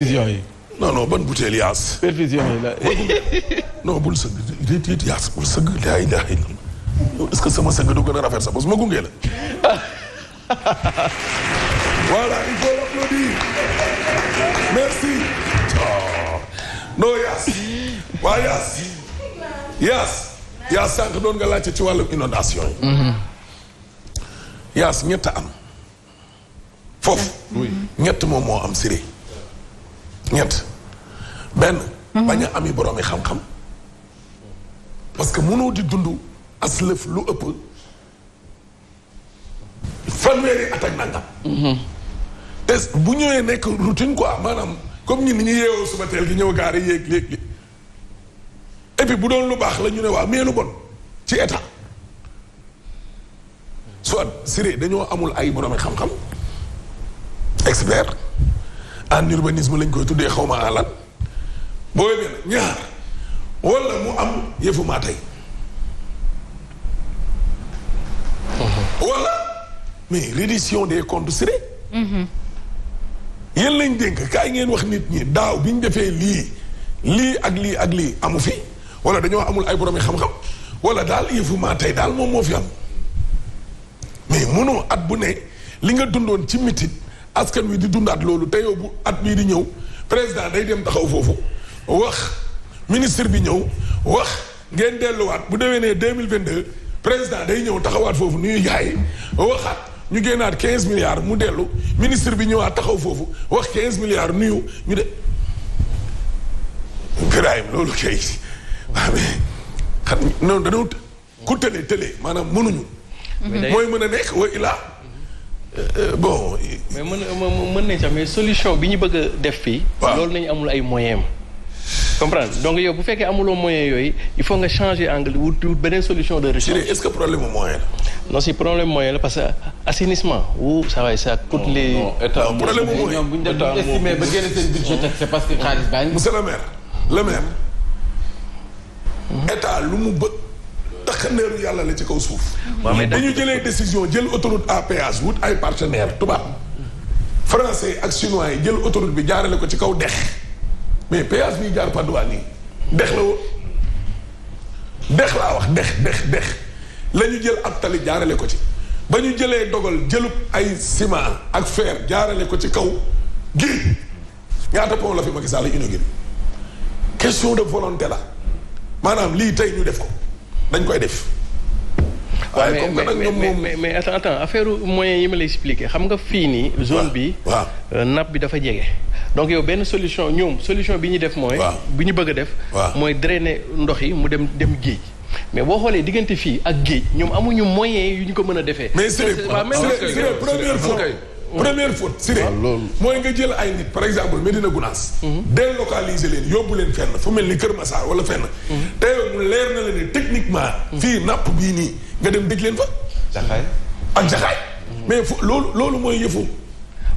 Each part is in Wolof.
perfusion yi. non non yaas. perfusion bul sëgg déet déet yaas bul sëgg daay daay que sama sëgg du gën a rafet sax parce ma gunge la. Oh. yaas waa yaas yaas yaas sànq doon nga laajte ci wàllu inondation yi. Mhm. yaas ñett am. foofu. ñett moom moo am siré. ñett benn. Mhm. bañ a ami boroomi xam-xam. parce que mënoo di dund as lëf lu ëpp fanweeri at ak nangam. Mhm. te bu ñëwee nekk lu routine quoi maanaam comme ñun ni ñu yeewoo suba teel gi ñëw gaare yéeg léeg li bu doon lu baax la ñu ne waa mais lu bon ci état soit siré dañoo amul ay boroomi xam-xam expert. en urbanisme lañ koy tuddee xaw ma en lan booy ñaar wala mu am yëfu maa tey wala mais reddition des comptes siré yéen lañ dénk kaay ngeen wax nit ñi daaw bi ñu defee lii lii ak lii ak lii amu fi wala dañoo amul ay boromi xam-xam wala daal yëfu tey daal moom moo fi am mais mënoo at bu ne li nga dundoon ci mitit askan wi di dundaat loolu te yow bu at bii di ñëw président day dem taxaw foofu wax ministre bi ñëw wax ngeen delluwaat bu déwénee deux mille vingt deux président day ñëw taxawaat foofu nuyu yaay waxaat ñu génnaat quinze milliards mu dellu ministre bi ñëwaat taxaw foofu wax quinze milliards nuyu ñu de. Birahim loolu kay waaw xam noonu dañoo ku tëlee tëlee maanaam mënuñu. mooy mën a nekk wa illah. bon. mais mën mën nañ sax mais solution bi ñu bëgg def fii. loolu nañu amul ay moyens comprendre donc yow bu fekkee amuloo moyens yooyu il faut nga changer angle wut wut beneen solution de recherche. est-ce que problème mu moyen la. non si problème moyen la parce que assainissement. wu ça va ça coûte état problème mu ñoom bu ñu doon estimé ba génne seen budget teg c'est parce que xaalis baa ngi. monsieur le maire le maire. Hmm? état lu mu bëgg. yàqandeeru yàlla la ci kaw suuf. dañu jëlee décision jël autoroute à péage wut ay partenaire tubaab. français ak chinois yi jël autoroute bi jaarale ko ci kaw dex mais péage bi jaar Patte d'Oie dex la woon dex laa wax dex dex dex la ñu jël ab tali jaarale ko ci ba ñu jëlee dogal jëlub ay ciment ak fer jaarale ko ci kaw géej ñaata pont la fi Macky Sall inauguré question de volonté la maanaam lii tey ñu def ko dañ koy def. Ah, waaye comme nag ñoom mais mais attends affaire moyens yi ma lay expliqué xam nga fii nii. zone bi waaw euh, napp bi dafa jege. donc yow benn solution ñoom solution bi ñu def mooy. bu ñu bëgg a def. mooy drainer ndox yi mu dem dem géej. mais boo xoolee diggante fii ak géej ñoom amuñu moyens yu ñu ko mën a defee. mais c'est la première fois première faute Siré ah, mooy nga jël ay nit par exemple Medina Gounass mhm. délocaliser leen yóbbu leen fenn fu mel ni Kër Massar wala fenn mhm. te yow leer na la ne techniquement mhm. fii napp bii nii nga dem dëj leen fa jaxaay ak jaxaay mais fu loolu loolu mooy yëfu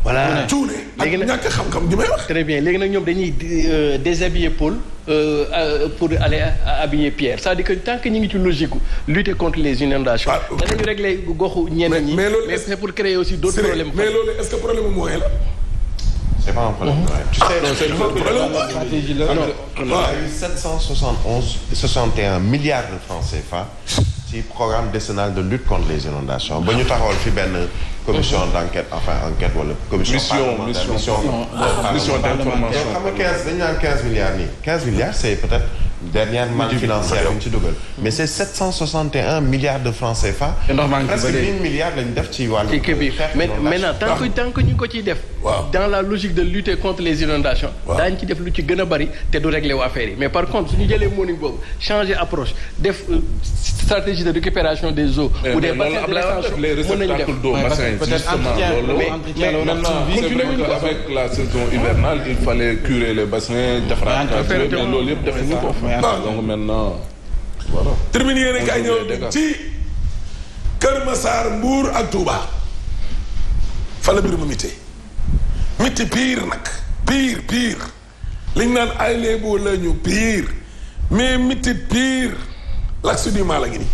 voilà cuune ak ñàkk xam-xam gi may wax. très bien léegi nag ñoom dañuy euh, déshabiller Paul euh, pour aller habiller Pierre c'est-à-dire que tant que ñu ngi ci logique lutter contre les inondations. waaw ah, danañu régler goxu ñenn ñi. mais loolu c'est pour créer aussi d'autres problèmes. mais loolu est-ce que problème mu mooy la. c'est pas un problème. milliards de francs CFA. ci programme décennal de lutte contre les inondations ba ñu taxawal commission d' enfin enquête wala commission parlementaire euh, milliards nii milliards c' peut être dernière manne financière mais c' milliards de francs CFA presque 1000 milliards lañu def ci wàllu maintenant tant tant que ñu ko def waaw dans la logique de lutter contre les inondations daañu ci def lu ci gën a bari te du régler wu affaire yi mais par contre suñu jëlee mooning boobu changer approche def euh, stratégie de récupération des eaux ou des bassins de rétention mën nañu def peut-être avec la saison hivernale il fallait curer les bassins defaraat mais loolu yëpp defuñu ko donc maintenant voilà termine yéen a kaay ñëw ci Kër Massar Mbour ak Touba fa la mbir ma mitee métti pire nag pire pire liñ naan ay léeboo la ñu pire mais métti pire l'axe du mal la ngi ni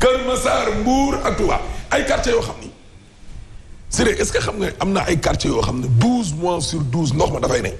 Kër Massar Mbour ak Touba ay quartiers yoo xam ni Siré est-ce que xam nga am na ay quartiers yoo xam ne douze mois sur douze ndox ma dafay ne